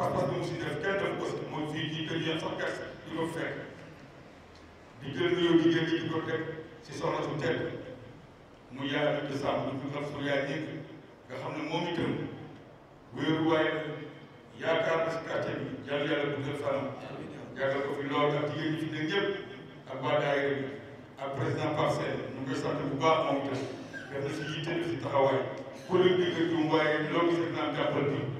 parce que mu si def kenn def ko si mooy fii ci kër yéen sax gas di ko fekk di jël nuyoo di jël di si soxna su mu yaay di sàmm di xam su yaay nekk nga xam ne moom itam wéeruwaay yaakaar na si quartier bi jàll yàlla dugal fanam yàggal ko fi lool ak jigéen ñi fi ne ñëpp ak waa daayira bi ak président parcelle ñu koy sant bu baax moom si yitte def si taxawaay kuréel jum waaye loolu gis naa jàppal bi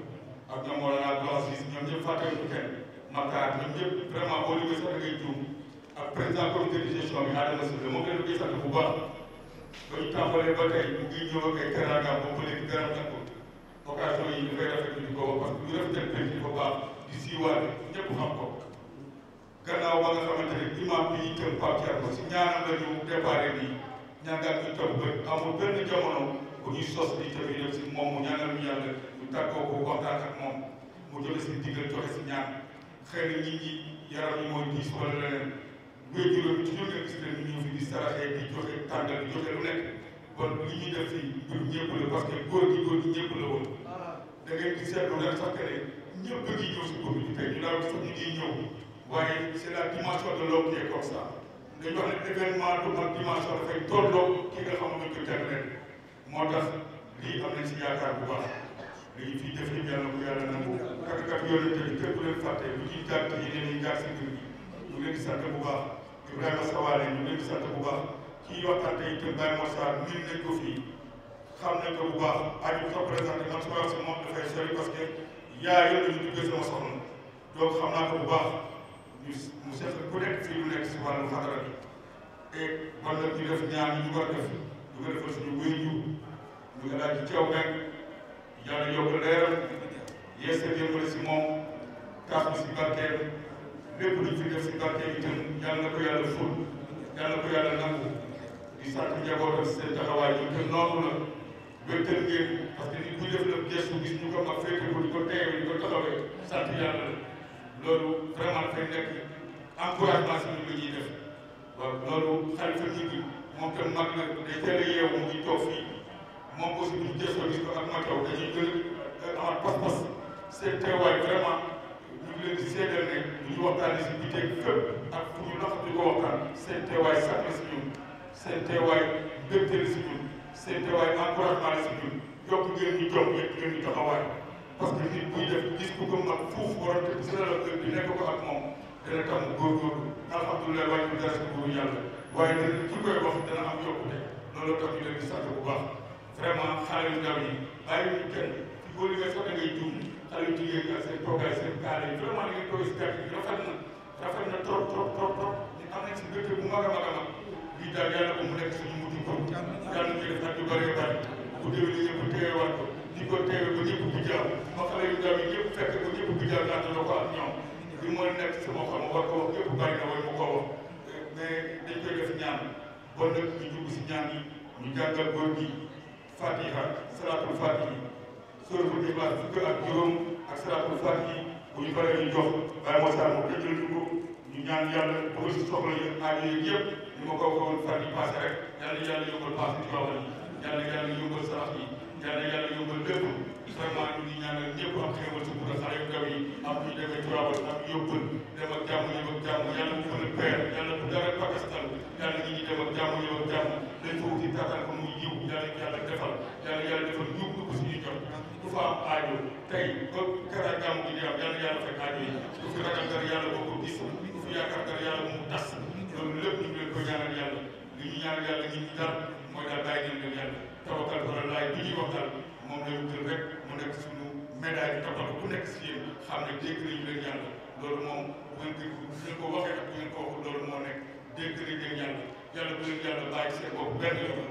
ak ñoom Mawlana Abdou Aziz ñoom ñëpp fàttewuñu kenn Makhtar ñoom ñëpp vraiment boo liggéey sax da ngay juum ak président comité de gestion bi Adama Sow moom lañu koy sant bu baax ba ñu tàmbalee ba tey mu ngi ñëw ak ay teranga boobu ba léegi gën a tàkkoon occasion yi ñu koy rafetlu di ko wax parce que ñu rafetal pénc dafa baax di siiwaale ñëpp xam ko gannaaw ba nga xamante ne imam bi itam Pape Thierno si ñaanal la ñu déparé nii ñaan daal ñu toog ba amul benn jamono sos di tamit def si tàggoo ko kontaan ak moom mu joxe si digal joxe si ñaan xëy na nit ñi yaram yi mooy diis wala leneen ngay juróom ci ñoom nga gis leen ñu fi di saraxee di joxe tàngal di joxe lu nekk kon li ñuy def fii ñun ñëpp la parce que góor gi góor gi ñëpp la woon da ngay gis seetlu nag sax que ne ñëpp a ngi ñëw si commune bi tey ñu daaw sax ñu ngi ñëw waaye c' est la dimension de l'homme qui est comme ça dañu wax ne événement du ak dimension dafay tolloo ki nga xam ne ko jagleel moo tax lii am nañ si yaakaar bu baax li ñu fiy def yàlla bu yàlla nangu kat kat yonente bi képp leen fàtte lu ciy gàtt yeneen yi gàtt si mbir mi ñu leen di sant bu baax Ibrahima Sawaale ñu leen di sant bu baax kii waxtaan tey itam Baye Mor Sarr miin nañ ko fii xam nañ ko bu baax ak ñu ko présenté man su ma wax si moom dafay sori parce que yaa yëpp ñu duggee sama soxna donc xam naa ko bu baax ñu mu seq ku nekk fii lu nekk si wàllu xatara bi et man nag ñu def ñaan ñu war def ñu ko defal suñu wéy ñu ñu nga daal di teew nag yàlla yokk leeram yees a dimbali si moom tax bi si barkeem lépp luñ fi si barkeem itam yàlla na ko yàlla ful yàlla na ko yàlla nangu di sàkk njabootam seen taxawaay ñu te noonu la wéttal ngeen parce que nit bu def nag gestu gis ñu ko mag féete ko di ko teewe di ko taxawee sant yàlla la loolu vraiment dafay nekk encouragement si ñu lu ñuy def loolu xalifa nit ñi moom tam mag na day teel a yeewu mu ngi fii moom aussi ñu jëfandikoo ak mataw dañuy gën a amal pas-pas seen teewaay vraiment ñu ngi leen di seedeel ne ñu waxtaanee si biir fépp ak fu ñu nax di ko waxtaan seen teewaay sànq si ñun seen teewaay dëgtal si ñun seen teewaay encouragement la si ñun yokk ngeen ñu jom yëpp ngeen ñu taxawaay parce que nit buy def gis ko gëm ak fuuf waroon te si la la bi nekk ko ak moom dana tam góorgóorlu alhamdulilah waaye ñu dara si góoru yàlla waaye dana ki koy wax dana am yokkute loolu tax vraiment xale yu ndaw yi bàyyi wu ñu kenn ci góor yi nga soxla ngay juum xale yu jigéen nga seen toogaay seen kaala yi vraiment da ngay toog si gerte gi rafet na rafet na trop trop trop trop ñu am nañ si gerte bu mag a mag a mag bii daal yàlla ko mu nekk suñu mujj ko yàlla ñu def yu bëree bëri bu déwénee ñëpp teewaat ko di ko teewee yu ndaw yi ko ak ñoom li mooy nekk sama xam war ko wax ñëpp bàyyi na way mu ko wax mais dañ koy def ñaan bon nag fatiha salaatul fatihi suratul ikhlas fuk ak juróom ak salatul fatihi bu ñu paree ñu jox waaye mo sa mu dëjjal ñu ko ñu ñaan yalla bu ci soxla yu aajo yi yëpp ñu ma ko waxoon fan yi passé yalla yàlla yàlla yombal passé ci wàllu yalla yàlla yombal sarax yi yàlla yàlla yóbbal lépp vraiment ñu ngi ñaanal ñëpp am xéewal si gudda xale am ñu demee am yóbbal dem ak jàmm ñëw a ñaanal yàlla li ñu ñaanal mooy daal bàyyi ngeen leen yàlla tawakkal wala laay bi ñuy waxtaan moom la ñu rek mu nekk suñu médaille tawakkal bu nekk si yéen xam ne dégg nañu leen yàlla loolu moom bu ngeen ko bu ngeen ko waxee ak bu ngeen ko wax loolu moo nekk dégg nañ leen yàlla yàlla bu leen yàlla bàyyi seen bopp benn yoon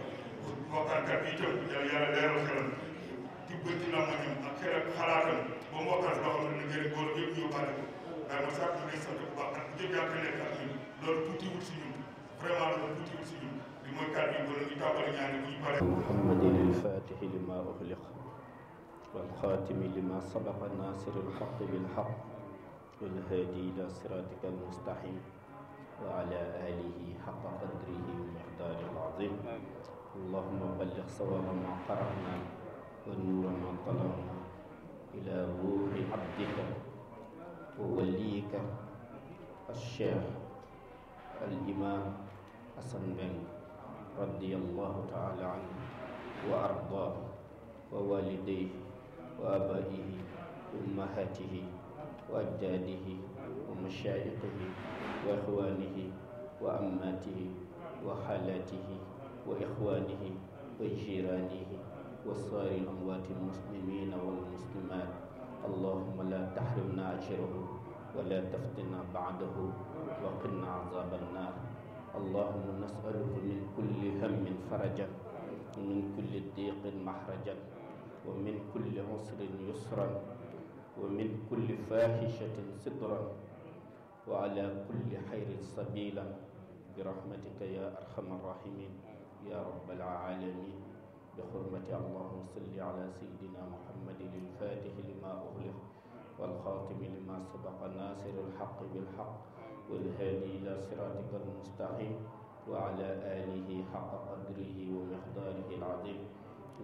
waxtaankat yi itam yàlla yàlla leeral xelam jubbanti ak xel ak xalaatam ba mu ak jëf yàlla nekk ak ñun loolu si ñun vraiment loolu tuutiwul si محمد الفاتح لما أغلق والخاتم لما سبق الناصر الحق بالحق والهادي إلى صراطك المستقيم وعلى آله حق قدره ومقداره العظيم اللهم بلغ صواب ما قرأنا ونور ما طلبنا إلى روح عبدك ووليك الشيخ الإمام حسن بن رضي الله تعالى عنه وأرضاه ووالديه وآبائه وأمهاته وأجداده ومشايخه وإخوانه وأماته وخالاته وإخوانه وجيرانه وصار أموات المسلمين والمسلمات اللهم لا تحرمنا أجره ولا تفتنا بعده وقنا عذاب النار اللهم نسألك من كل هم فرجا ومن كل ضيق محرجا ومن كل عسر يسرا ومن كل فاحشة سترا وعلى كل خير سبيلا برحمتك يا أرحم الراحمين يا رب العالمين بحرمة اللهم صل على سيدنا محمد الفاتح لما أغلق والخاتم لما سبق ناصر الحق بالحق والهادي إلى صراطك المستقيم وعلى آله حق قدره ومقداره العظيم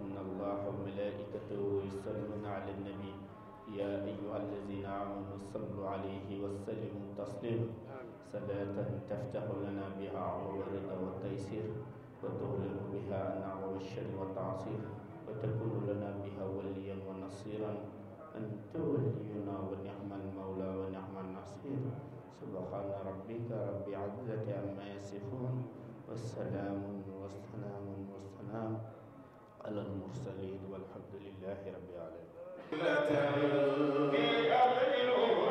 إن الله وملائكته يصلون على النبي يا أيها الذين آمنوا صلوا عليه وسلموا تسليما صلاة تفتح لنا بها عمر الرضا والتيسير وتغلق بها النار نعم والشر والتعصير وتكون لنا بها وليا ونصيرا أنت ولينا ونعم المولى ونعم النصير سبحان ربك رب العزة عما يصفون والسلام والسلام والسلام على المرسلين والحمد لله رب العالمين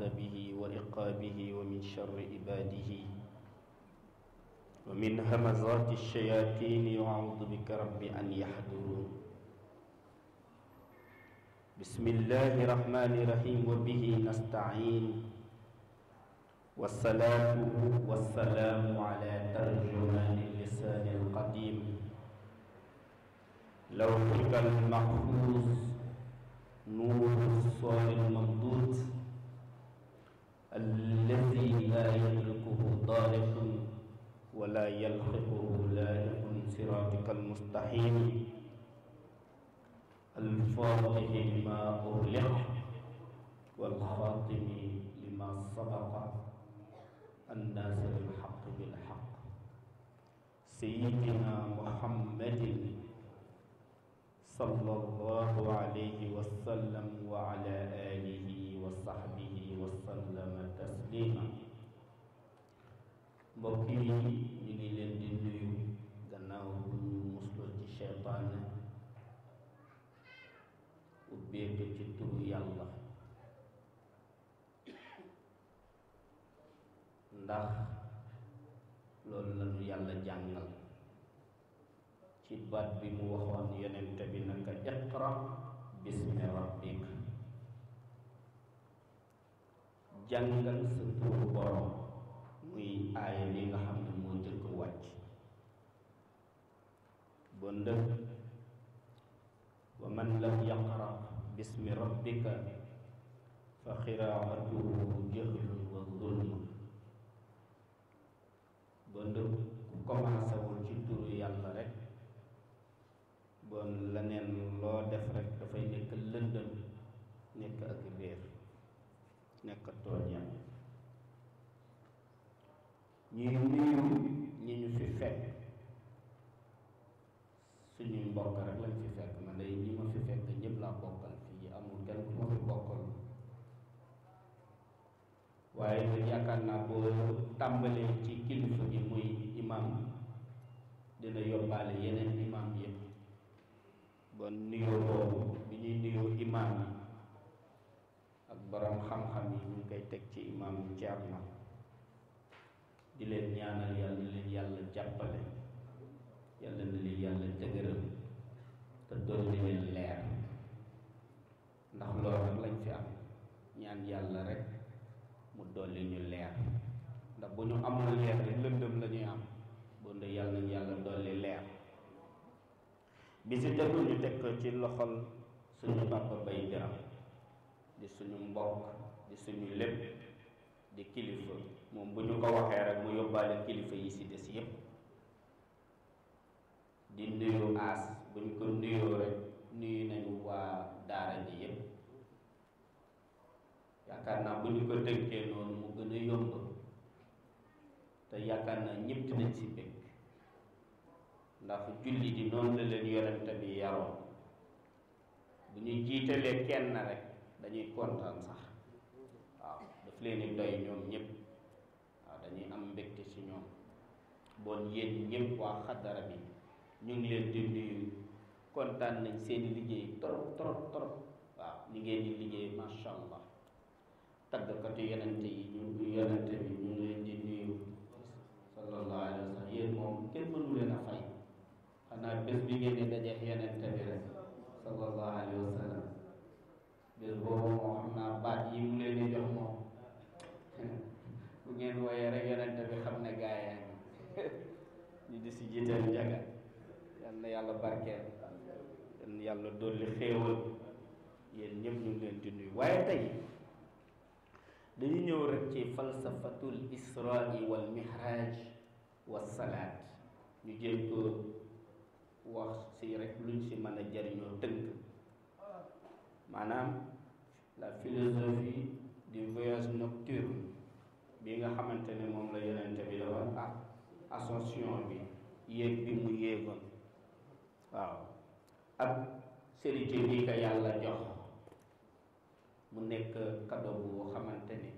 عذابه وإقابه ومن شر عباده ومن همزات الشياطين وأعوذ بك رب أن يحضرون بسم الله الرحمن الرحيم وبه نستعين والصلاة والسلام على ترجمان اللسان القديم لوحك المحفوظ نور الصور الممدود الذي لا يملكه طارق ولا يلحقه لائق صراطك المستحيل الفاضح لما أغلق والخاتم لما سبق الناس بالحق بالحق سيدنا محمد صلى الله عليه وسلم وعلى آله وصحبه وسلم lima mbokk yi ñu ngi leen di nuyu gannaaw bu ñu musloo ci seytaane ubbeeku ci turu yàlla ya ndax loolu lañu yàlla ya jàngal ci baat bi mu waxoon yonente ya jangan sentuh borong borom muy ni li nga xam ne mo njëkk ko wacc bonde wa man lam yaqra bismi rabbika fa xiraatuhu jahlun wa zulma bonde ku commencé wul ci turu yalla rek bon lenen lo def rek fay nek lëndëm nek ak réer nekkatoo ñenn ñuy nuyu ñi ñu fi fekk suñuy mbokk rek lañ fi fekk man day ñi ma fi fekk ñëpp laa bokkal fii amul kenn ku ma fi bokkal waaye nag yaakaar naa boo tàmbalee ci kilifa gi muy imam dina yóbbaale yeneen imam yëpp bon nuyoo boobu bi ñuy nuyoo imam borom xam-xam yi ñu koy teg ci imam jarna di leen ñaanal yàlla na leen yàlla jàppale yàlla na leen yàlla dëgëral te doon leen leer ndax loolu rek lañ fi am ñaan yàlla rek mu dolli ñu leer ndax bu ñu amul leer rek lëndëm la ñuy am bon de yàlla nañ yàlla dolli leer bi si tegu ñu teg ko ci loxol suñu papa bay jaram di suñu mbokk di suñu lépp di kilifa moom bu ñu ko waxee rek mu yóbbaale kilifa yi si des yépp di nuyu aas buñ ko nuyoo rek nuyu nañu waa daara ji yépp yaakaar naa bu ñu ko tënkee noonu mu gën a yomb te yaakaar naa ñëpp dinañ si ndax julli di noonu la leen yonente bi yaroon bu ñu jiitalee kenn rek dañuy kontaan sax waaw daf leen di doy ñoom ñëpp waaw dañuy am mbégte ci ñoom bon yéen ñëpp waa xaddara bi ñu ngi leen di nuyu kontaan nañ seen liggéey trop trop trop waaw ni liggéey macha allah tàggkatu yonente yi ñu yonente bi ñu ngi leen di nuyu sallallahu alayhi wa sallam yéen moom kenn mënu fay xanaa bés bi ngeen dajeex yonente bi rek sallallahu alayhi wa sallam bis boobu moo xam naa yi mu leen di jox moom bu ngeen wooyee rek yonente bi xam ne gaa di si jiital njaga yal na yàlla barkeel yal na yàlla dolli xéewal yéen ñëpp ñu ngi leen di nuyu waaye tey dañu ñëw rek ci falsafatul israi wal mihraj wa salaat ñu jéem ko wax si rek luñ si mën a jariñoo maanaam la philosophie du voyage nocturne bi nga xamante ne moom la yonente bi da war ak ascension bi yéeg bi mu yéegoon waaw ak sérité bi ka yàlla jox mu nekk cadeau bu xamante ne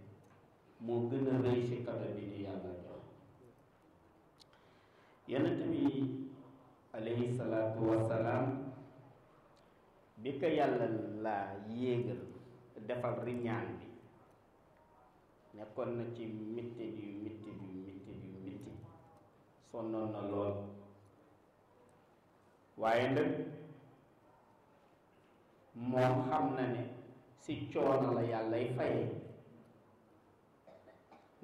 moo gën a rëy ci cadeau bi di yàlla jox yonente bi alayhi salaatu wasalaam bi ko yàlla laa yéegal defal riñaan bi nekkoon na ci mitti yu mitti yu mitti yu mitti sonnoon na lool waaye nag moom xam na ne si coono la yàllay faye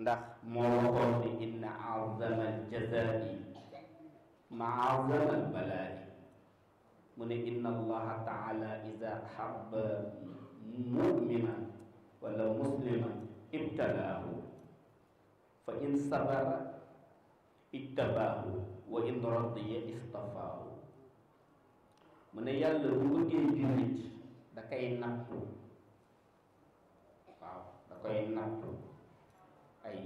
ndax moo waxoon ni inna azama al ma azama al balaa'i mu ne inna allaha taala ida habba mumina wala muslima ibtalaahu fa in sabara ijtabaahu wa in radiya istafaahu mu ne yàlla bu bëggee jullit da koy nattu waaw da koy nattu ay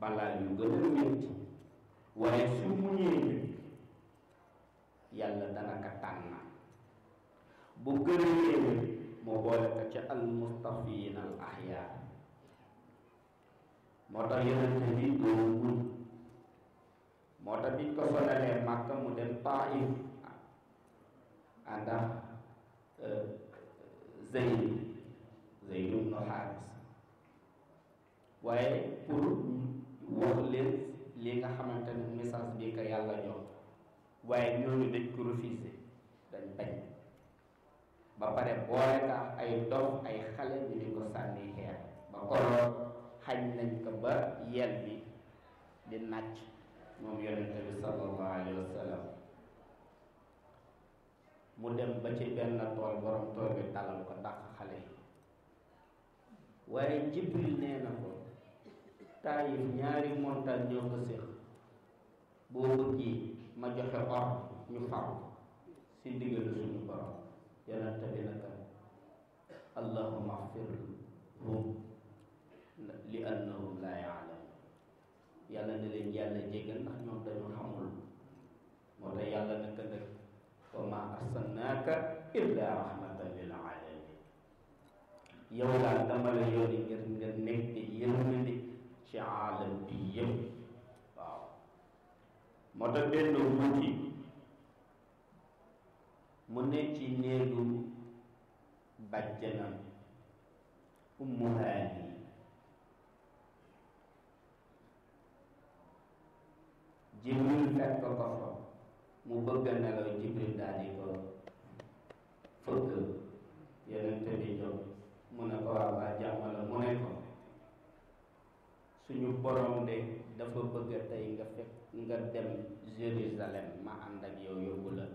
balaa yu gën a métti waaye su muñee yalla dana ka tànn bu gën a yéeme moo boole ko ca al mustafin al ahyaa moo tax yonente bi doon muñ mo tax biñ ko sonalee makka mu dem taif anda zeyn zeyn ibn xaaris waye pour wax leen li nga xamante message bi ka yalla jox waaye ñooñu dañ ko refuser dañ bañ ba pare boole ka ay dof ay xale ñu di ko sànni xeer ba koloor xañ nañ ko ba yel bi di nàcc moom yonente bi sallallahu alayhi wa sallam mu dem ba ci benn tool borom tool bi dalal ko dàq xale yi waaye jibril nee na ko taayif ñaari montagne ñoo ko séq boo bëggee ma joxe or ñu fànq si ndigalu suñu borom yonent bi naka allahuma axfirhum li annahum laa yaalamuun yàlla ne leen yàlla jégal ndax ñoom dañu xamul moo tax yàlla naka nag wa maa arsalnaaka illaa rahmatan lil aalamiin yow daal dama la yónni ngir nga nekk yërmande ci aalam bi yëpp moo tax benn mujj mu ne ci néegu bàjjanam ummu haani jibril fekk ko fa mu bëgg a nelaw jibril daal di ko fëgg yonente bi jóg mu ne ko waaw waa jàmm la mu ne ko suñu borom de dafa bëgga tey nga fekk nga dem Jérusalem ma ànd ak yow yóbbu la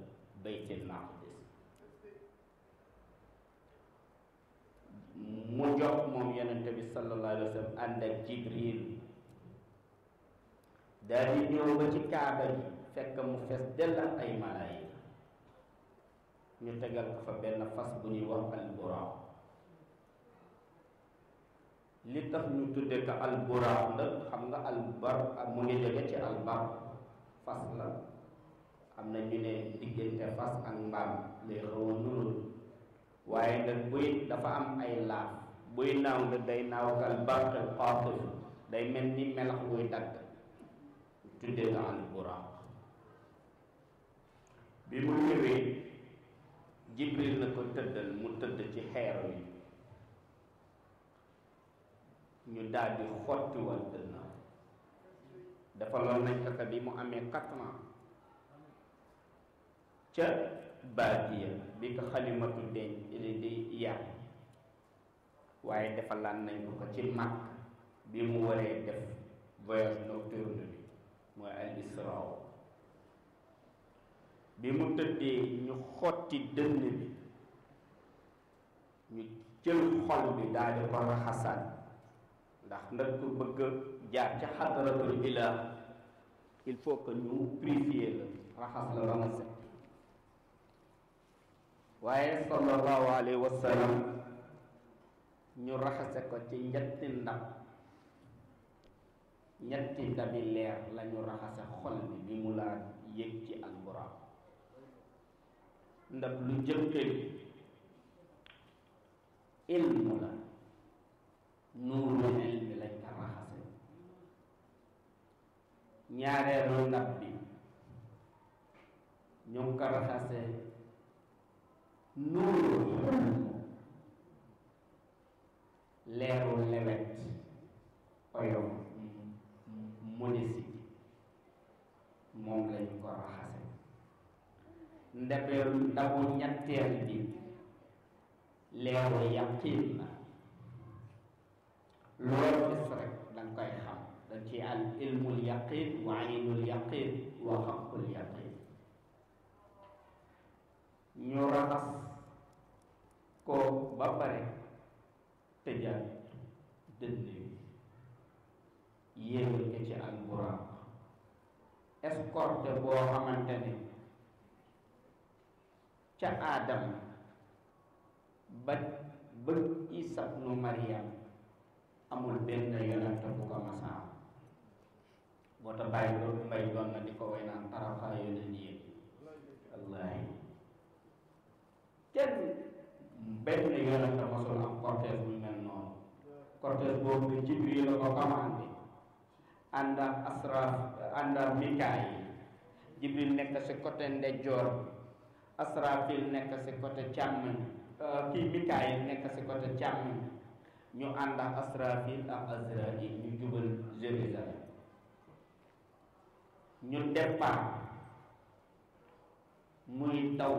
baytil maqdis mu jox moom yonente bi sallallahu wa sallam ànd ak Jibril daal di ba ci kaaba ji fekk mu fees dell ak ay malaayika ñu tegal ko benn fas bu ñuy wax al li tax ñu tudde ko alburaax la xam nga albar mu ngi jóge ci albar fas la am na ñu ne diggante fas ak mbaam lay xaw a nurul waaye nag buy dafa am ay laaf buy naaw la day naaw kal barq xaatif day mel ni melax buy dagg tudde ko alburaax bi mu ñëwee jibril na ko tëddal mu tëdd ci xeer wi ñu daal di xotti woon dënnam dafa lool nañ ko bi mu amee quatre ans ca baadiya bi ko xalimatu denc di yar waaye dafa laan nañ ko ci màkk bi mu waree def voyage nocturne bi mooy al bi mu tëddee ñu xotti dënn bi ñu jël xol bi daal di ko raxasaat ndax nag ku bëgg jaar ci xadaratul ilah il faut que ñu purifier la raxas la ba set waaye sallallahu wa sallam ñu raxase ko ci ñetti ndab ñetti ndabi leer lañu ñu raxase xol bi bi mu laa yëg ci alburaq ndab lu jëkkëri ilmu la nuurul ilmi lañ ko raxase ñaareelu ndab bi ñu ngi leeru lewet oyow munisi moom lañu ko raxase ndabeelu ndabu ñetteel bi leeru yaqiin na loo gis rek da koy xam dañ ci al ilmul yaqin wa aynul yaqin wa ñu raxas ko ba pare tëjaat dënn yi yéegal ci al buraaq escorte boo xamante ne ca aadam ba bëgg isab nu mariam amul benn yonent bu ko mas boo ta bàyyi loolu mbay doon na di ko way naan tarafa yonent yi wallaahi kenn benn yonent masul am cortège bu mel noonu cortège boobu bi Jibril la ko commandé ànd ak asraf ànd ak mikaay Jibril nekk si côté ndeyjoor asrafil nekk si côté càmmoñ euh, kii mikaay nekk si côté càmmoñ ñu ànd Asrafil ak Azraïl ñu jubal Jérusalem ñu départ muy taw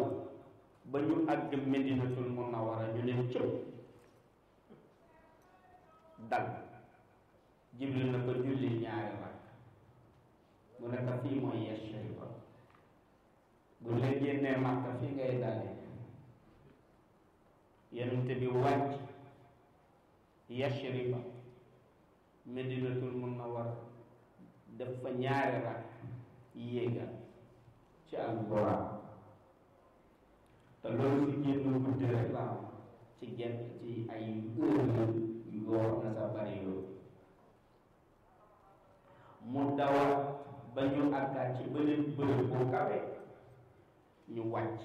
ba ñu àgg Medinatul Munawwara ñu leen cëw dal Jibril na ko julli ñaari rakk mu ne fii mooy Yasriba bu la génnee Makka fii ngay dalee yonent bi wàcc yashriba medinatul munawwara def fa ñaari rakk yéegal ci alquran te loolu fi génn guddi rek la ci genn ci ay heure yu woor na sa bari yooyu mu dawal ba ñu àggaat ci beneen bërëb bu kawe ñu wàcc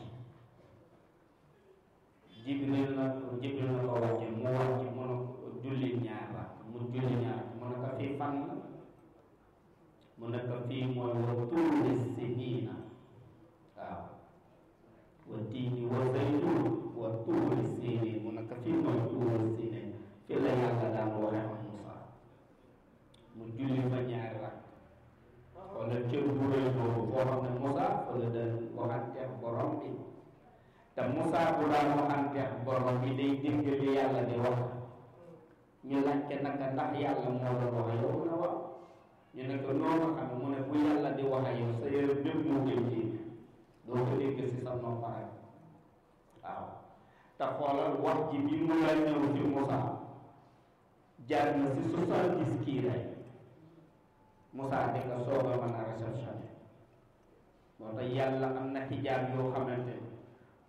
jibril na jibril na ko wàcce mu wàcc mu julli ñaar rakk mu julli ñaar mu ne fii fan la mu ne fii mooy wa siniina waaw wa tiini wa zaytun mu ne fii mooy tuuri siniin fii la daan waxe am Musa mu julli fa ñaari rakk wala cër bu rëy boobu boo xam ne Musa daan waxanteeg borom bi te Musa bu daan waxanteeg borom bi day dégg li di wax ñu laajte naka ndax yàlla moo la wax yow mu ne waaw ñu ne ko xam mu ne bu yàlla di wax yow sa yaram bépp moo koy jéem doo ko dégg si sa noppare waaw te xoolal wax ji bi mu la ñëw ci Moussa jaar na si soixante-dix kii lay Moussa di nga a mën a moo tax yàlla am na ci jaar yoo xamante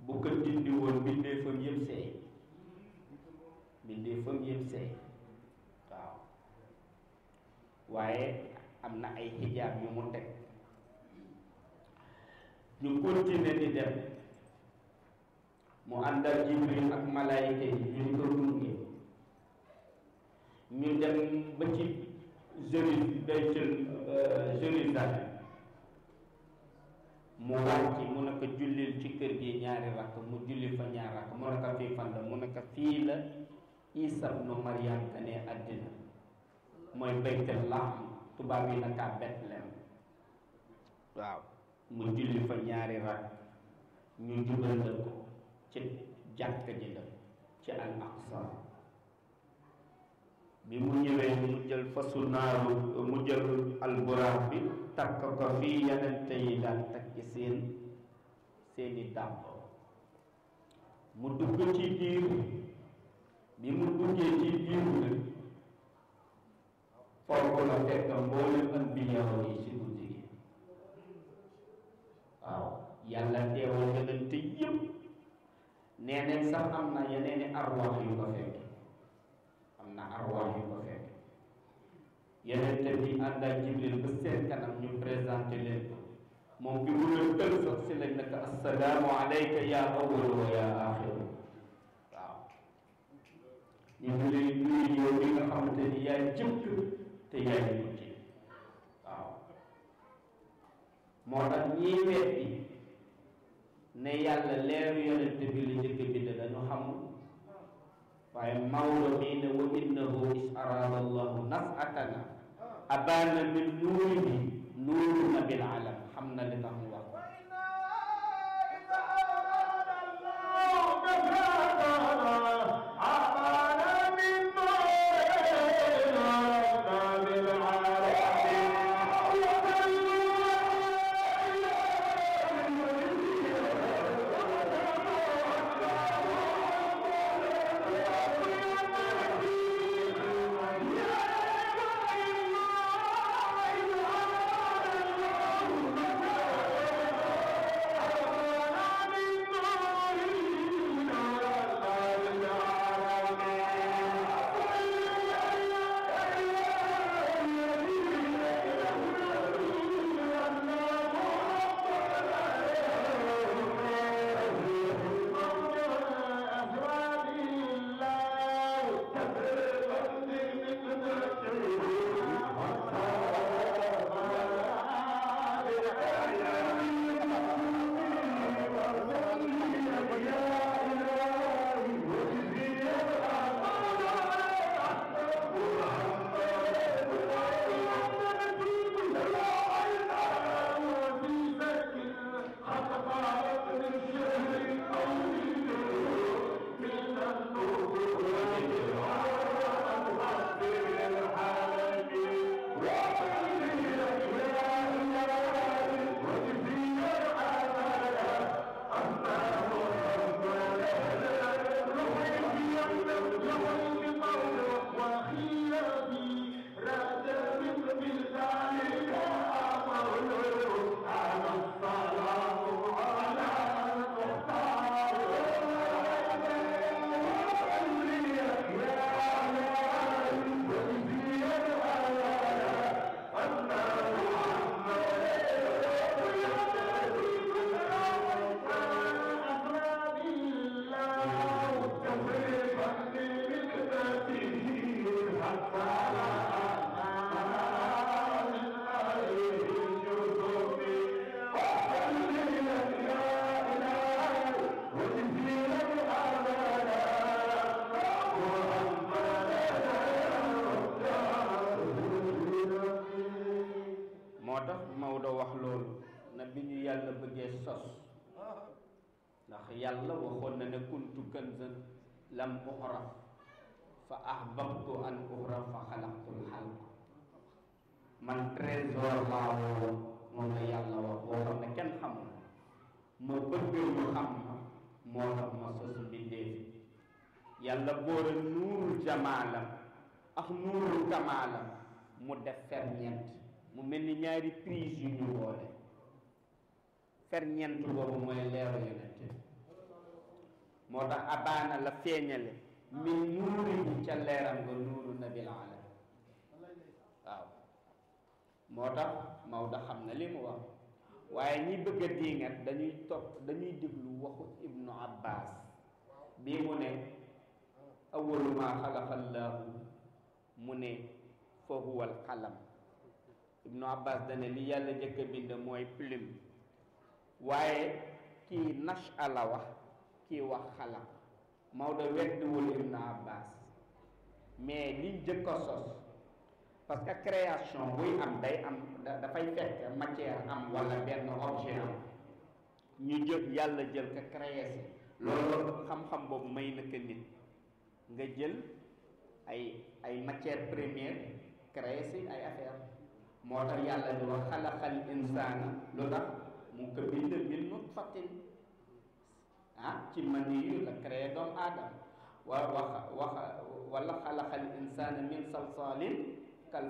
bu ko dindi woon bindee fam yëpp seey bindee fam yëpp seey waaye am na ay xijaab yu mu teg ñu continuer di dem mu àndal jibril ak malaayika yi ñu ko gunge ñu dem ba ci Jérusalem baytul Jérusalem mu wàcc mu ne jullil ci kër gi ñaari rakk mu julli fa ñaari rakk mu ne ko fii la mu ne ko ne àddina mooy baytal laxam tubaab yi naka Bethléem waaw mu julli fa ñaari rak ñu jubal la ci jàkka ji ci al aqsa bi mu ñëwee mu jël fasu naaru mu jël alburaaq bi takk ko fii yenente yi daan takki seen seeni dàmb mu dugg ci biir bi mu duggee ci biir nag kooku la fekk mboolem anbiyaa yi ci guddi gi waaw yàlla teewal yonente yëpp nee nañ sax am na yeneeni arwaax yu ko fekk am na arwaax yu ko fekk yonente bi ànd ak Jibril ba kanam ñu présenté leen ko moom bi mu si lañ naka assalaamu alayka yaa awwal wa yaa aaxir waaw ñu ngi lay nuyu yow bi nga xamante ni yaay jëkk te yaay ñu ko ci waaw moo tax ñii weddi ne yàlla leeru yonent bi la njëkk bind dañu xamul waaye Maodo mii ne wa innahu is arada allahu naf'atana abana min nuuri bi nuuru nabil alam xam na li tax لم أعرف فأحببت أن أعرف فخلقت الحلقة من تريزور الله مولا يلا وقورا ما كان خمو مبقى مخم مولا مصوص بالدين يلا بور نور جمالا أخ نور كمالا مدى فرنيانت ممن نياري تريزي نور فرنيانت بور مولا يلا يلا يلا moo tax abaana la feeñale min nuurihi ca leeram nga nuuru nabil alam waaw moo tax Maodo xam na li mu wax waaye ñi bëgg a diingat dañuy topp dañuy déglu waxu ibnu abbas bii mu ne awalu ma xalaqa llaahu mu ne fa huwa al qalam ibnu abbas dane li yàlla njëkk a bind mooy plume waaye kii nash ala wax kii wax xalam Maodo weddiwul Ibn Abbas mais liñ jëkk a sos parce que création buy am day am dafay fekk matière am wala benn objet ñu jël yàlla jël ko créé loolu xam-xam boobu may na ko nit nga jël ay ay matière première créé si ay affaire moo tax yàlla di wax xalaxal insaana lu tax mu ko bind min nutfatin ah ci maniyu la créé aadama wa wax wax wala xalaxal insaana min salsaalin kal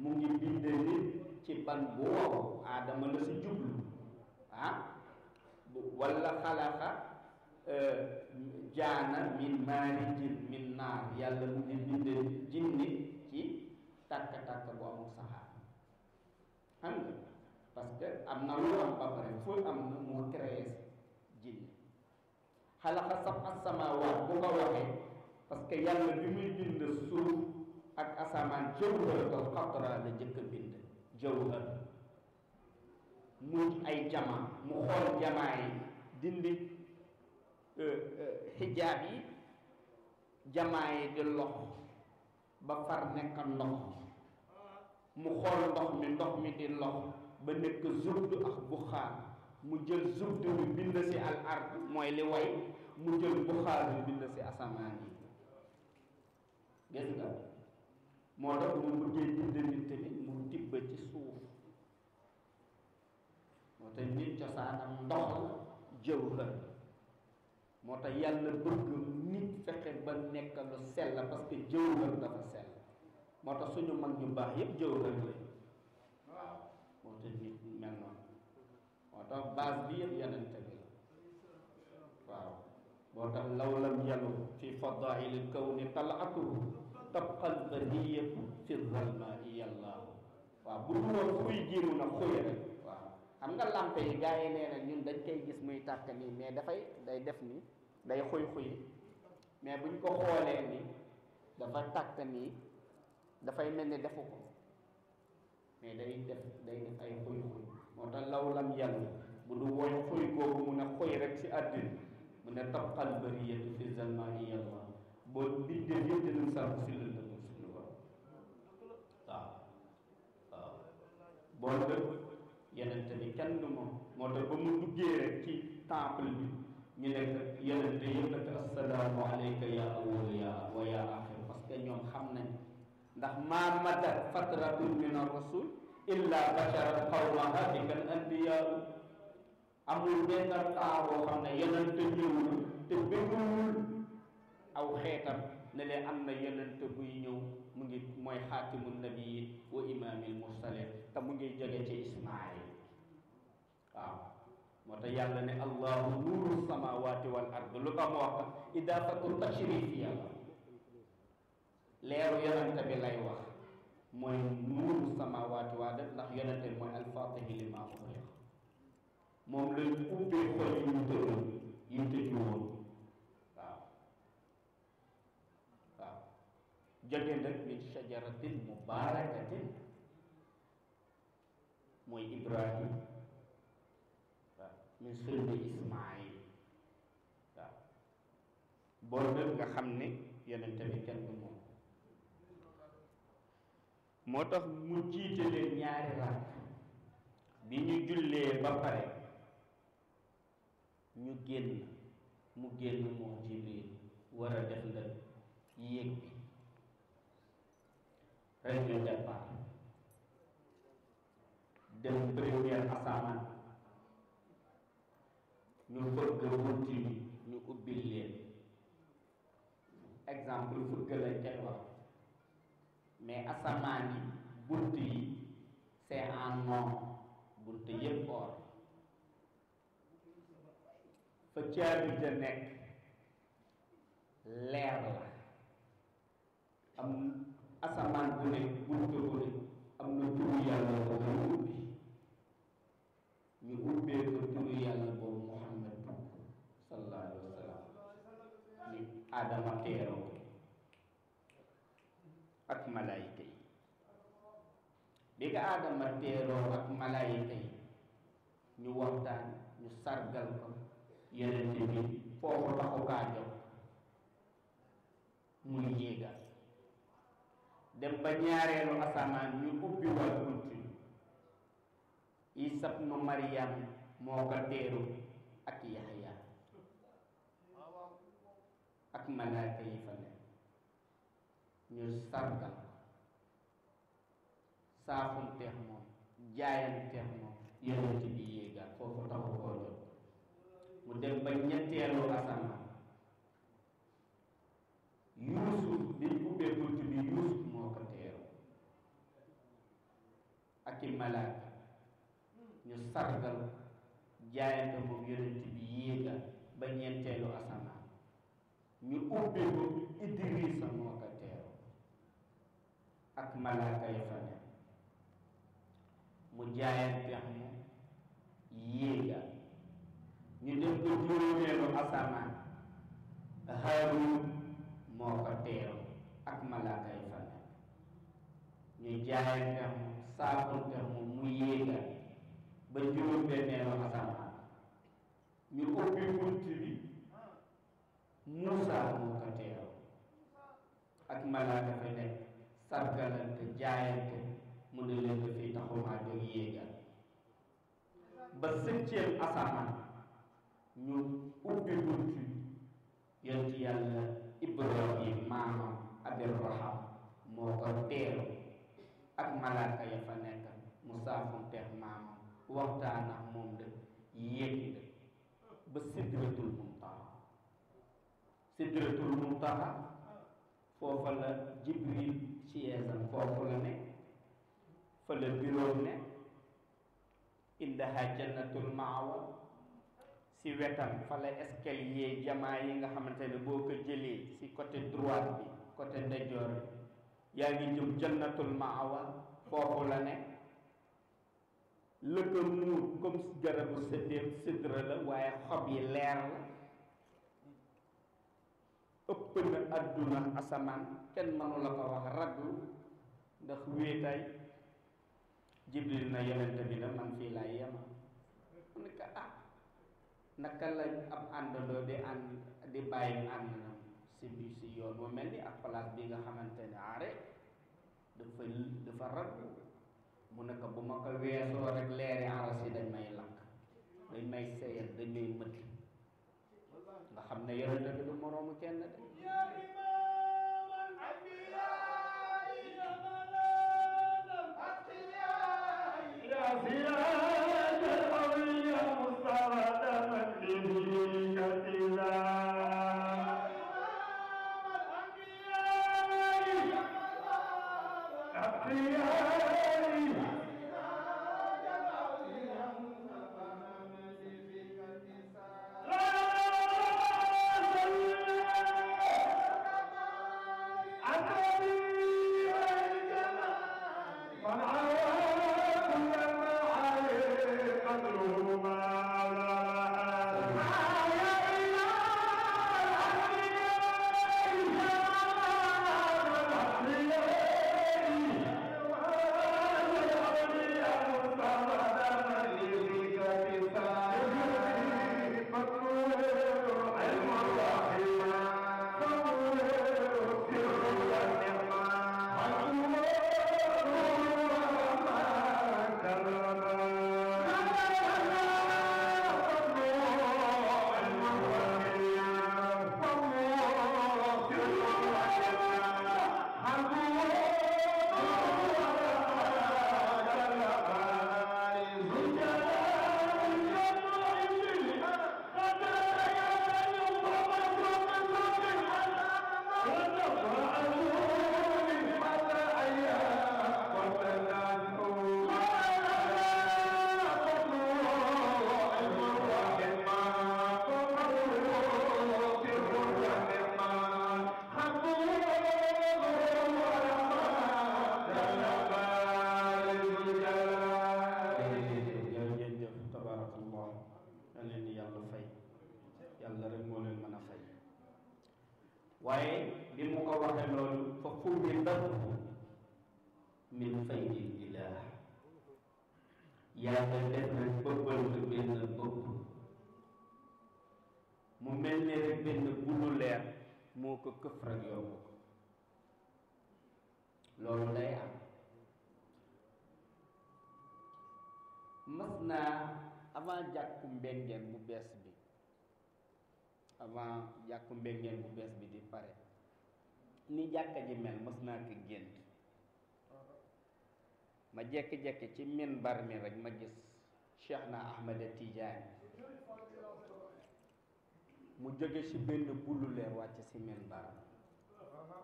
mu ngi bind nit ci ban bu aadama la si jublu ah xalaxa eh, jaana min maarijin min naar yàlla mu ngi bind jinni ci tàkk-tàkk bu amul saxaar xam am na lu am ba pare am na moo créé xalaqa sab'a samaawaat bu ko waxee parce que yàlla bi muy bind suuf ak asamaan jawharatul xatra la jëkk a bind jawhar mu ay jama mu xool jamaa yi dindi euh, euh, xijaab yi jamaa yi di lox ba far nekk ndox mu xool ndox mi ndox mi di lox ba nekk zubdu ak buxaar mu jël zubd bi bind si al mooy li way mu jël buxaar bi bind si asamaan yi gis nga moo tax mu mujjee bind nit mu tibb ci suuf moo tax nit cosaanam ndox la jëwhër moo tax yàlla bëgg nit fexe ba nekk lu sell parce que jëwhër dafa sell moo tax suñu mag ñu baax yépp jëwhër lañu waaw moo tax nit mel noonu tax base bi yëpp yenente bi la waaw moo tax lawlam yalu fi fadailil kawni talaatuhu tabqal badiyatu fi zalmai yallaahu waaw bu dul woon xuy jiru na xuy rek waaw xam nga lampe yi gars yi nee na ñun dañ koy gis muy tàkk nii mais dafay day def nii day xuy-xuy mais buñ ko xoolee ni dafa tàkk nii dafay mel ni defu ko mais day def day def ay xuy-xuy moo tax lawlam yàlla bu du woy xoy googu mu ne xoy rek ci àddina mu ne tabqal bariyatu fi zalmaani yàlla boo bindee yëpp dinañ sànq si lëndëm suñu borom waaw waaw boo dëgg yenente bi kenn moom moo tax ba mu duggee rek ci temple bi ñu nekk yenente yëpp assalaamu alayka ya awwal ya wa ya axir parce ñoom xam nañ ndax maa mada fatratun min ar rasul illa basharan qawmaha kan anbiya amul benn taa boo xam ne yonent ñëwul te bëggul aw xeetam ne leen am na yonent buy ñëw mu ngi mooy xaatimun nabiyin wa imaamil mursalin te mu ngi jóge ci Ismaayil waaw moo tax yàlla ne allahu nuuru samawati wal ard lu tax mu wax idaafatu tashrifiya leeru yonent bi lay wax mooy nuuru samawaati waada ndax yonente mooy alfaatihi li maa moom lay ubbee xol yi ñu tëjoon yi tëju waaw waaw jóge nag min shajaratin mubarakatin mooy Ibrahim waaw min sulbi Ismaayil waaw boo nga xam ne yonente bi kenn moo tax mu jiite leen ñaari rakk bi ñu jullee ba pare ñu génn mu génn moom Jibril war a def la yéeg bi rek ñu départ dem première asamaan ñu bëgg wuti ñu ubbil leen exemple fukk lañ kenn wax mais asamaan yi bunt yi c'est en bunt yépp or fa caabi ja nekk leer la am asamaan bu ne bunt bu ne am na turu yàlla boobu ubbi ñu ubbee ko turu yàlla boobu Muhammad sallallahu wa sallam ni Adama teeroo ak malaayika adam bi nga aadama teeroo ak malaayika ñu waxtaan ñu sargal ko yenente bi foofu taxu kaa jox muy dem ba ñaareelu asaman ñu ubbi no mariam ak yaxya ñu sargal saafunteex moom jaayanteex moom yonent bi yéegal foofu taxu koo jot mu dem ba ñetteelu asamaan yuusuf biñ ubbee bunt bi yuusuf moo ko teeru ak i malaaka ñu sargal jaayante moom yonent bi yéegal ba ñeenteelu asamaan ñu ubbee malaaka ya fa mu jaayante mu yéega ñu dem ko juróomeelu asamaan Haaruun moo ko teeru ak malaaka ya fa ne ñu jaayante mu saakonte mu mu yéega ba juróom-benneelu asamaan ñu ubbi bunt bi moo ko teeru ak malaaka fa nekk sargalante jaayante mu ne leen dafay taxumaa jóg yéegal ba septième asamaan ñu ubbi buntu yonent yàlla ibrahim maamam abiraham moo ko teeru ak malaaka ya fa nekk mu saafunteex maamam waxtaan ak moom de yéeg de ba sidratul muntaha sidratul muntaha foofa la jibril siège am foofu la ne fa la bureau ne indaha jannatul maawa si wetam fa la escalier jamaa yi nga xamante ne boo ko jëlee si côté droite bi côté ndeyjoor bi yaa ngi jëm jannatul maawa foofu la ne lëkka muur comme garabu séddéem sidra la waaye xob yi leer la ëpp na àdduna asamaan kenn mënu la ko wax raddu ndax wéetaay jibril na yonente bi na man fii laay yema mu ne ko ah naka la ab àndandoo di ànd di bàyyi ànd na si bi si yoon wu mel ni ak place bi nga xamante ne aare dafa dafa raddu mu ne ko bu ma ko weesoo rek leeri aras dañ may lakk dañ may seyal dañ may mëtt xam ne yonente bi du moroomu kenn de ni jàkka ji mel mës naa ko gént ma jekki-jekki ci minbar mi rek ma gis cheikh na ahmada tijaani mu jóge ci benn bulu leer wàcc si minbar waaw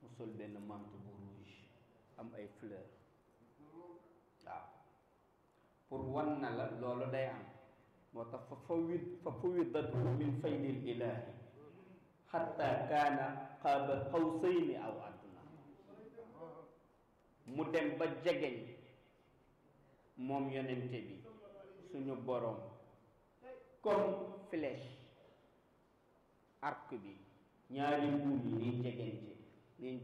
mu sol benn mantu bu rouge am ay fleur waaw pour wan na la loolu day am moo tax fa fa wid fa fa widatu min faydil ilaahi xatta kaana qaaba qawsayni aw adna mu dem ba jegeñ moom yonente bi suñu boroom comme flèche arc bi ñaari buum yi liy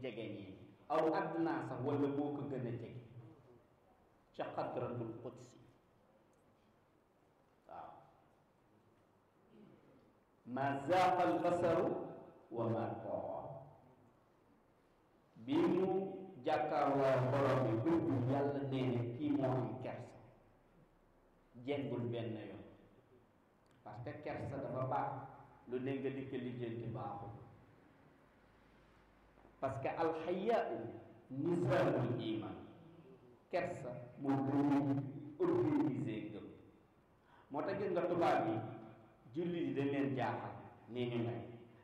jegeñ ci aw adna sax wala boo ko gën a jege ca xadratul qudsi waaw ma zaaqa albasaru wa ma too mu jàkkaarloo borom bi bëgg yàlla nee ne kii moo am kersa jengul benn yoon parce que kersa dafa baax lu ne di ko lijjanti baaxul parce que alxayaau nisaamul iman kersa moo gën a organiser moo tax gis nga tubaab yi julli yi dañ leen jaaxal nee ñu ngay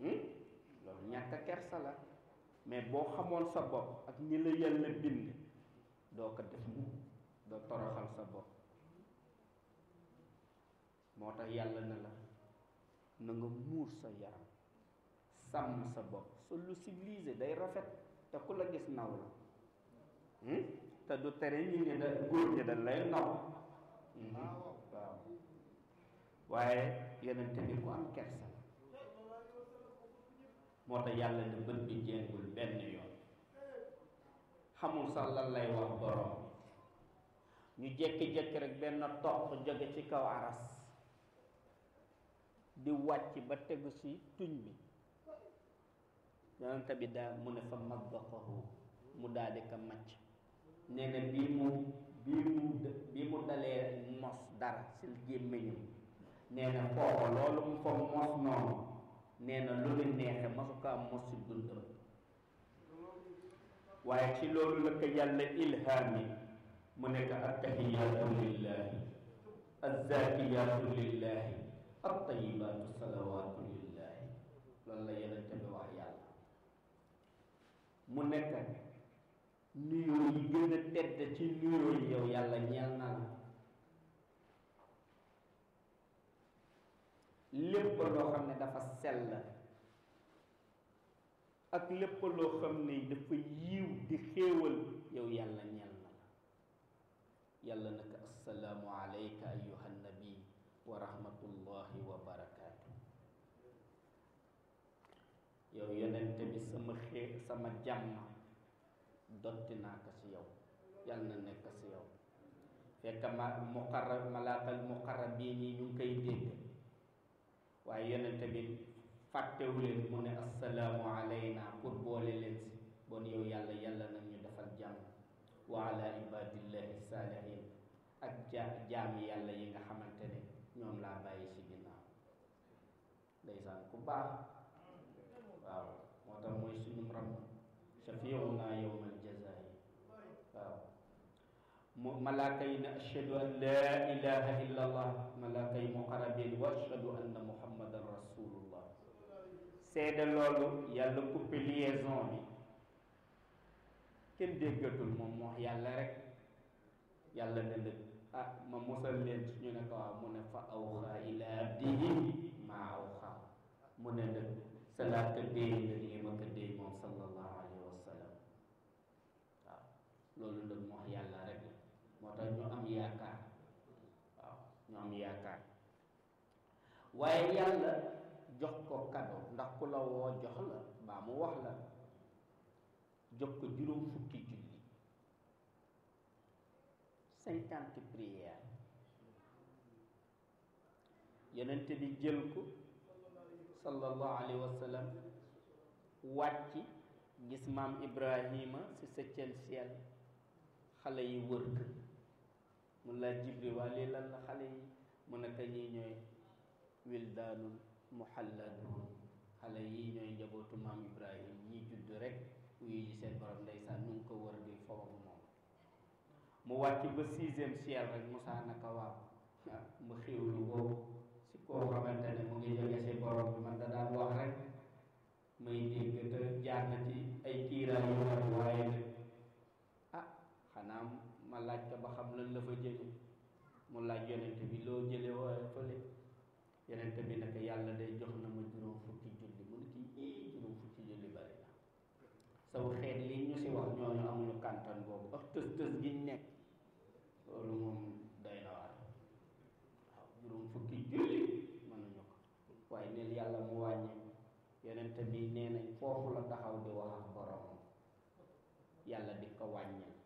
Hmm? loolu nyata kersa la mais bo xamoon sa bop ak ñi la yàlla bind do ko def mu do toroxal sa bop mota yalla na la na nga mur sa yaram sam sa bop sa lu civilisé day rafet te ku la gis naw la hmm? te do tere ñi ne da góor ñi da lay naw hmm? ah, waaw waaye yonente bi ko am kersa moo tax yàlla ne bët bi jéngul benn yoon xamul sax lan lay wax borom bi ñu jékki-jékki rek benn toq jóge ci kaw aras di wàcc ba tegu ci tuñ bi yonent bi daal mu ne fa mabbaqahu mu daal di ko màcc nee na bii mu bii mu dalee mos dara ci gémmiñam nee na kooku loolu mu ko mos noonu nee na lu ne neexe masu ko am mos si dundam waaye ci loolu la ko yàlla ilhaami mu nekk attahiyaatu lillahi azzakiyaatu lillahi attayibaatu salawaatu lillahi loolu la yonente bi wax yàlla mu nekk nuyoo yi gën a tedd ci nuyoo yi yow yàlla ñeel na la lépp loo xam ne dafa sell ak lépp loo xam ne dafa yiiw di xéewal yow yàlla ñel na la yàlla naka assalaamu alayka ayuha nabi wa rahmatullahi wa barakaatu yow yonent bi sama xee sama jàmm dotti naa ko si yow yàlla na nekk si yow fekk ma muqarrab malaakal muqarrab bii nii ñu ngi koy dégg waaye yonente bi fàttewu mu ne assalaamu alayna pour boole leen si bon yàlla yàlla nag ñu defal jàmm wa ala ibadillahi saalihin ak ja yàlla yi nga xamante ne ñoom laa bàyyi si ginnaaw ndeysaan ku baax waaw moo tax mooy suñu ram shafiuna yowmal ملاكين أشهد أن لا إله إلا الله ملاكي مقربين وأشهد أن محمد رسول الله سيد لولو يالكو بليزون بي كن دي قتل ممو يالرك يالا نلد آه ممسل لين yàakaar waaw ñu am yaakaar jox ko kado ndax ku la woo jox la ba mu wax la jox ko juróom fukki julli 50 kan prières yonent ya bi jël ko sallallahu alaihi wasallam wati gis mam Ibrahima ci septième ciel xalé yi wër ko mun laa jibri waa lii lan la xale yi mu ne ka ñii ñooy wildaanul muhalladun xale yi ñooy njabootu maam Ibrahim ñi judd rek uyu ji seen borom ndeysaan nu ngi ko war di fobabu moom mu wàcc ba sixième ciel rek Moussa naka waaw mu xiiw lu boobu si koo xamante ne mu ngi jóge si borom bi man da daan wax rek fofu la taxaw di wax ak borom yalla di ko wàññil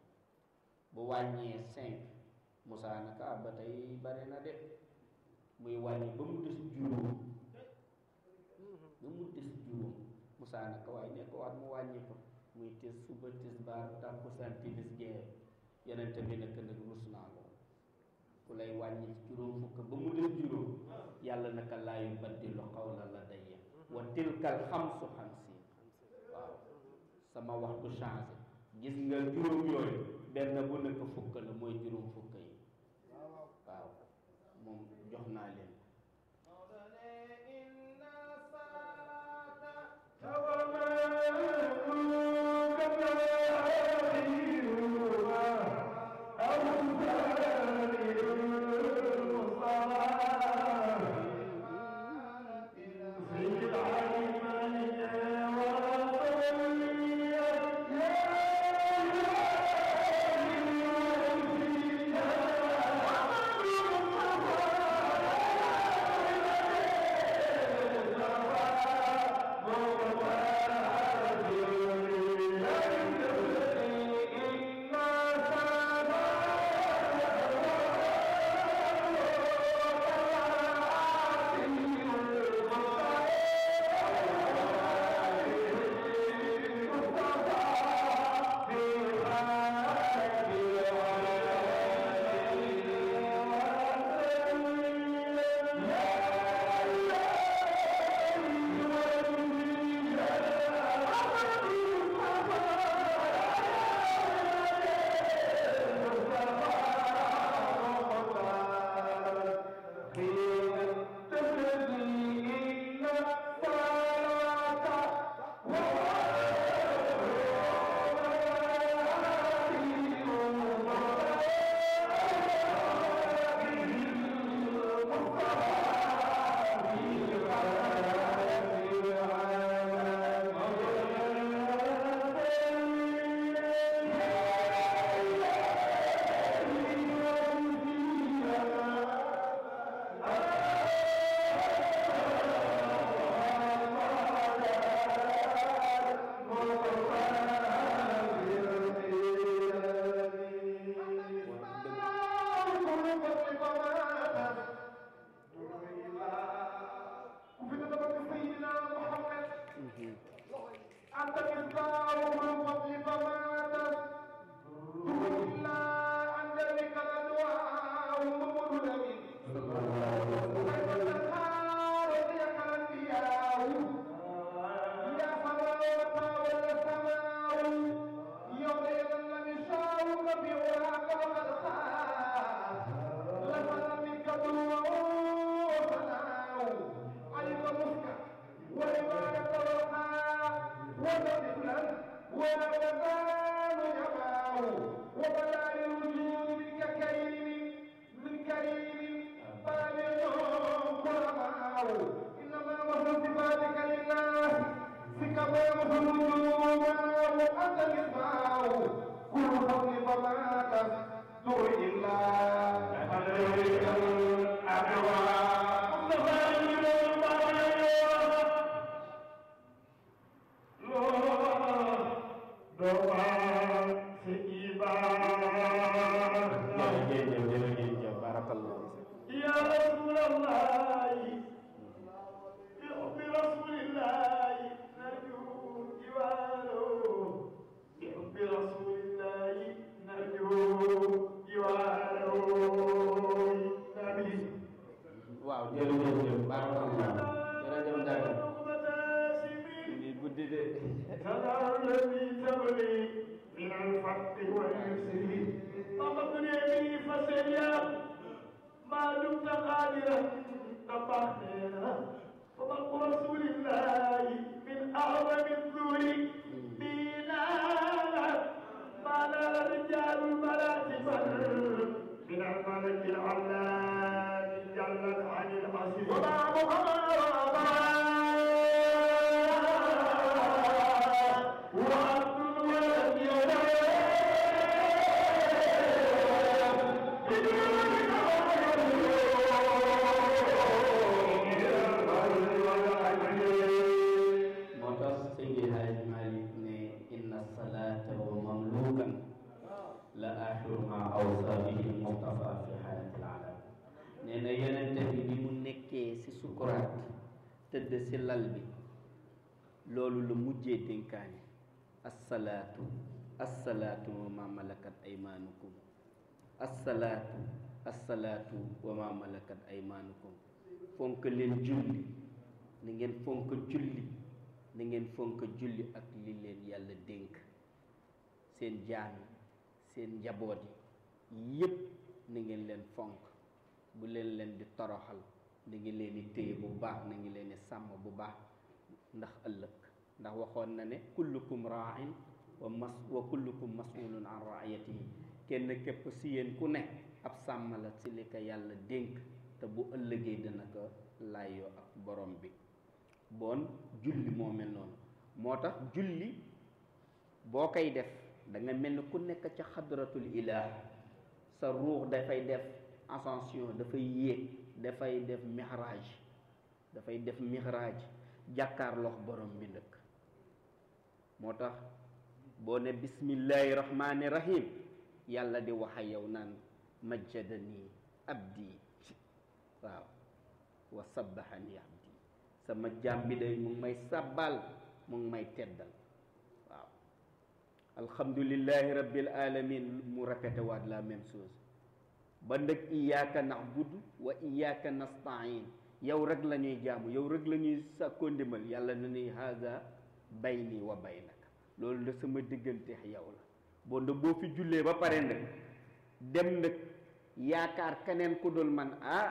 bu wàññee cinq Moussa naka ba tey bari na de muy wàññi ba mu des juróom ba mu des juróom musa naka waaye ne ko wat mu wàññi ko muy tis suba tis baar tàkkusaan timis gee yonente bi nekk nag rus naa loolu ku lay wàññi ci juróom fukk ba mu des juróom yàlla naka laayu lo xawla la dayya wa tilkal xamsu xams sama wax du changé gis nga juróom yooyu benn bu nekk fukk la mooy juróom fukk yi waaw moom jox naa leen assalaatu assalaatu wa ma aymaanukum fonk leen julli ni ngeen fonk julli ni ngeen fonk julli ak li leen yàlla dénk seen jaam seen njaboot yi yépp ni ngeen leen fonk bu leen leen di toroxal ni ngi leen di téye bu baax ni ngi leen di sàmm bu baax ndax ëllëg ndax waxoon na ne kullukum raain wa mas wa kullukum masulun an raayatihi kenn képp si ku ne ab sàmmala la si li ko yàlla dénk te bu ëllëgee dina ko laayoo ak borom bi bon julli moo mel noonu moo tax julli boo koy def danga mel ni ku nekk ca xadratul ilaah sa ruux dafay def ascension dafay yéeg dafay def mihraj dafay def mihraj jàkkaarloox borom bi ndëkk moo tax boo ne bismillahi rahmaani rahim Yalla di wax ak yow nan majjadani abdi waaw wa sabbahani abdi sama jambi day mu may sabbal mu may teddal waaw alhamdulillahi rabbil alamin mu répété wat la même chose ba ndëg na'budu wa iyyaka nasta'in yow rek lañuy jamu, yow rek yalla sakondimal yalla nani haza bayni wa baynaka loolu la sama digeunte yow boo nag boo fi jullee ba pare nag dem nag yaakaar keneen ku dul man ah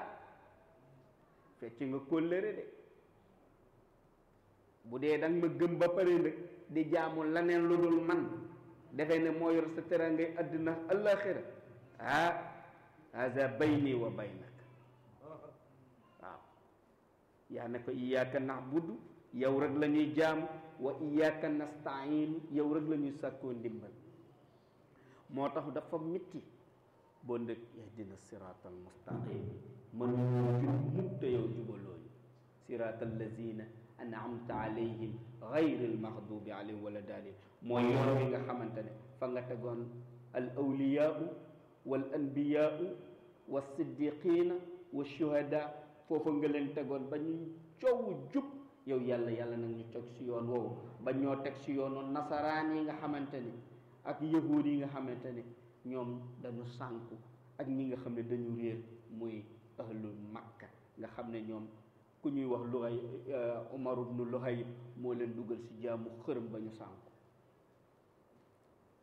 fecc nga kóllëre de bu dee da nga ma gëm ba pare nag di jaamu laneen lu dul man defe ne moo yor sa terangay àddina àllaaxira ah haza bayni wa baynak waaw yaa ne ko iyaaka na'budu yow rek lañuy ñuy jaamu wa iyaaka nasta'iin yow rek la ñuy sàkkoo ndimbal moo tax dafa metti boo ndëg ihdina siraatal mustaqim mën jub mukk te yow jubalooñu siraatal lazina an'amta alayhim gayril maxdubi alayhim wala daalin mooy yoon bi nga xamante ne fa nga tegoon al awliyaau wal anbiyaau wal siddiqina wa shuhada foofa nga leen tegoon ba ñu coow jub yow yàlla yàlla nag ñu teg si yoon woowu ba ñoo teg si yoonu nasaraan yi nga xamante ni ak yahuud yi nga xamante ne ñoom dañu sànku ak ñi nga xam ne dañu réer muy ahlu makka nga xam ne ñoom ku ñuy wax Luhay eh, Umar ibnu Luhay moo leen dugal ci jaamu xërëm ba ñu sànku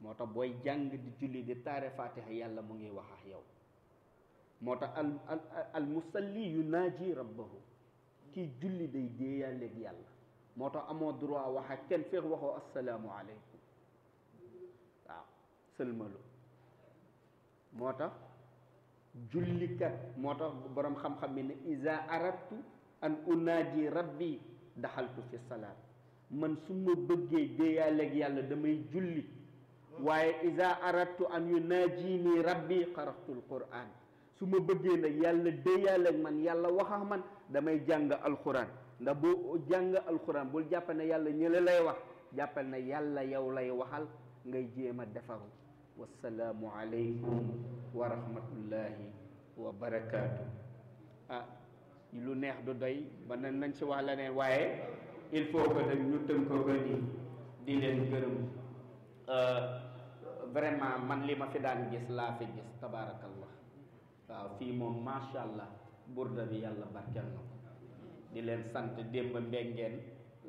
moo tax booy jàng di julli di taare fatiha yàlla mu ngi wax ak yow moo tax al al al musalli yunaaji rabbahu kii julli day dee yàlla yàlla moo tax amoo droit wax ak kenn feex waxoo asalaamu aleykum sëlmalu moo tax jullikat moo tax boroom xam-xam bi ne iza aradtu an unaaji rabbi daxaltu fi salaat man su ma bëggee déeyaaleeg yàlla damay julli waaye iza aratu an yunaaji nii rabbi xaraxtul quran su ma bëggee nag yàlla déeyaaleeg man yàlla waxa man damay jàng alquran ndax boo jàng alquran bul jàppal na yàlla ñële lay wax jàppal na yàlla yow lay waxal ngay jéema a defaru wasalaamu aleykum wa rahmatullahi ah lu neex du doy ba na nañ si wax la ne waaye il faut que nag ñu tënkoo ko di di leen gërëm ah, vraiment man li ma fi daan gis laa fi gis tabaarakallah waaw ah, fii moom macha allah burda bi yàlla barkeel na ko di leen sant démb mbengeen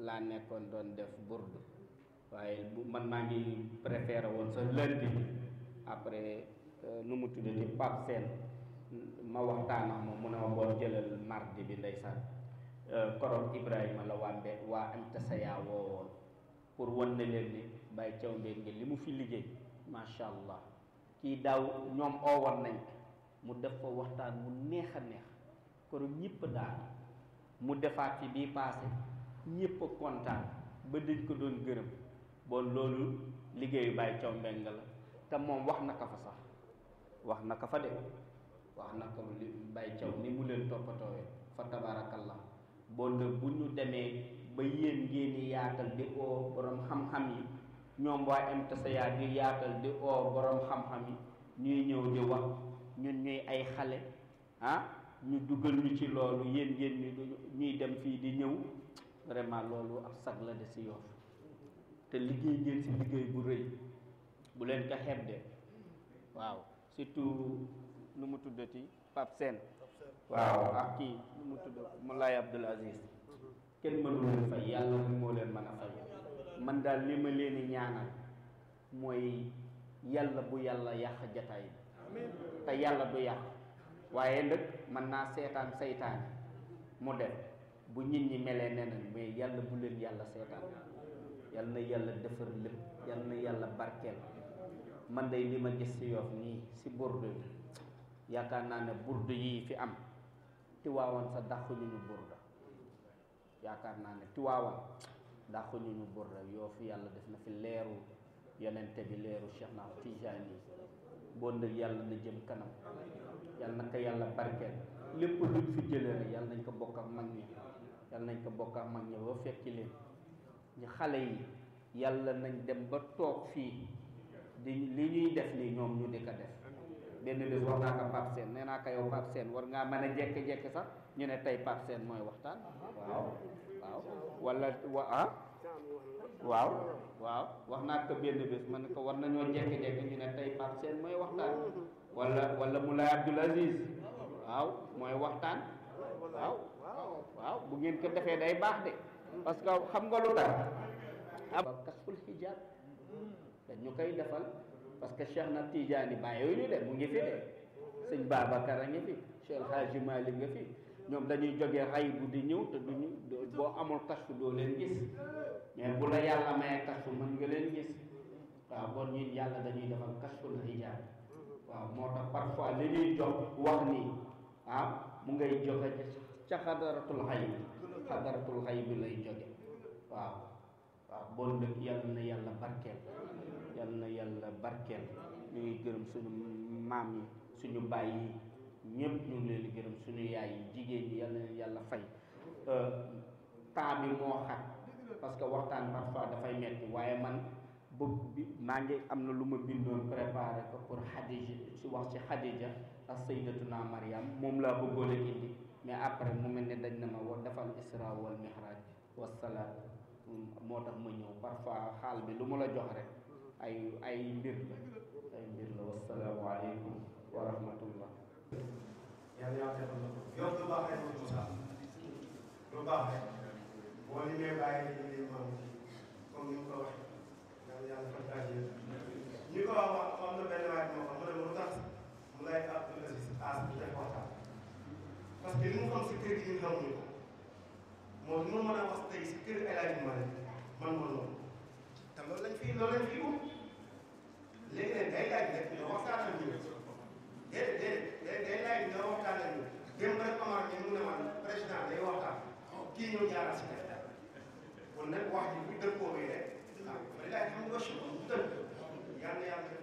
laa nekkoon doon def burdu waaye bu man maa ngi préféré woon sa lundi après nu mu tuddati Pape Sène ma waxtaan ak moom mu ne ma boo jëlal mardi bi ndeysaan koroog Ibrahima la waa mbe waa antasaya woowoon pour wan na leen ni Baye Thiaw Mbengue li mu fi liggéey macha allah kii daaw ñoom oowoon nañ mu def fa waxtaan mu neex a neex koroog ñëpp daal mu defaat fi bii passé ñëpp kontaan ba dañ ko doon gërëm bon loolu liggéeyu Baye Thiaw Mbengue la te moom wax na ko fa sax wax na ka fa de wax na ko li Baye Thiaw ni mu leen toppatoowee fa tabarakallah bon nag bu ñu demee ba yéen ngeen yaatal di oo borom xam-xam yi ñoom waa MTSA di yaatal di oo borom xam-xam yi ñuy ñëw di wax ñun ñuy ay xale ah ñu dugal ñu ci loolu yéen yéen ñu ñuy dem fii di ñëw vraiment loolu ab sag la de si Yoff te liggéey ngeen si liggéey bu rëy bu leen ko xeb de waaw surtout nu mu tuddati pap sen waaw ak ki nu mu tudd Moulay Abdoul Aziz kenn mënu leen fay yàlla mu moo leen mën a fay man daal li ma leen ñaanal mooy yàlla bu yàlla yàq jataay bi te yàlla du yàq waaye nag mën naa seetaan seytaane mu def bu nit ñi melee nenañ mais yàlla bu leen yàlla seetaan yal na yàlla defar lépp yalla na yàlla barkeel man day li ma gis si yoof nii si burdu yaakaar naa ne burdu yii fi am tiwaawan sa dàquñu ñu burda yaakaar naa ne tiwaawan dàquñu ñu burda yoofu yàlla def na fi leeru yonente bi leeru Cheikh na tijani boo yalla yalla na jëm kanam yalla na ko yàlla barkeel lépp fi jëlee rek yalla nañ ko bokk ak mag ñi nañ ko bokk ak mag ñi ba fekki leen ñu xale yi yàlla nañ dem ba toog fii di li ñuy def nii ñoom ñu di ko def benn bés wax naa ko Pape Sène nee naa ko yow Pape Sène war ngaa mën a jékki-jékki sax ñu ne tey Pape Sène mooy waxtaan waaw waaw wala wa ah waaw waaw wax naa ko benn bés man ko war nañoo jékki-jékki ñu ne tey Pape mooy waxtaan wala wala Moulay Abdoul Aziz waaw mooy waxtaan waaw waaw bu ngeen ko defee day baax de parce que xam nga lu ab kasful hijab hmm. dañu koy defal parce que Cheikh na Tidiane bàyyi ñu de mu ngi fi de jima Babacar a ngi fi Cheikh El Hadji Malick nga fi ñoom dañuy jógee ray bu di ñëw te duñu boo amul kasfu doo leen gis mais bu la yàlla mayee kasfu mën nga leen gis waaw bon ñun yàlla dañuy defal kasful hijab wa moo parfois li ñuy jox wax nii ah mu ngay joxe xadaratul xadaratul xay bi lay jóge waaw waaw bon nag yal na yàlla na yàlla barkeel ñu ngi gërëm suñu maam yi suñu baay yi ñëpp ñu ngi leen gërëm suñu yaay yi jigéen ñi yal na yàlla fay euh, temps moo xat parce que waxtaan parfois dafay metti waaye man bëgg bi maa ngi am na lu ma bindoon préparé ko pour Xadija si wax ci Xadija ak Sayyidatuna Mariam moom laa bëggoon indi mais après mu mel ne dañ na ma wa defal isra wal mihraj wa moo tax ma ñëw parfois xaal bi lu ma la jox rek ay ay mbir la ay mbir la wasalaamu aleykum wa rahmatullah yàlla bàyyi li ñu maam ni mu ko wax mu ne ma lu tax mu lay ab parce que li mu xam si kër gi ñun xamuñu ko moo li ma mën a wax tey si kër El Hadj Malick man ma noonu te loolu lañ fi loolu lañ fi ut léegi nag day laaj rek nga waxtaan ak ñun déedéet déedéet day laaj nga waxtaan ak ñun dem ba Amar ñu mu ne man président day waxtaan oh, kii ñëw jaaraat si nekk kon nag wax ji bu dëppoo bi rek ah man laaj xam nga suuf bu dëpp yàlla yàlla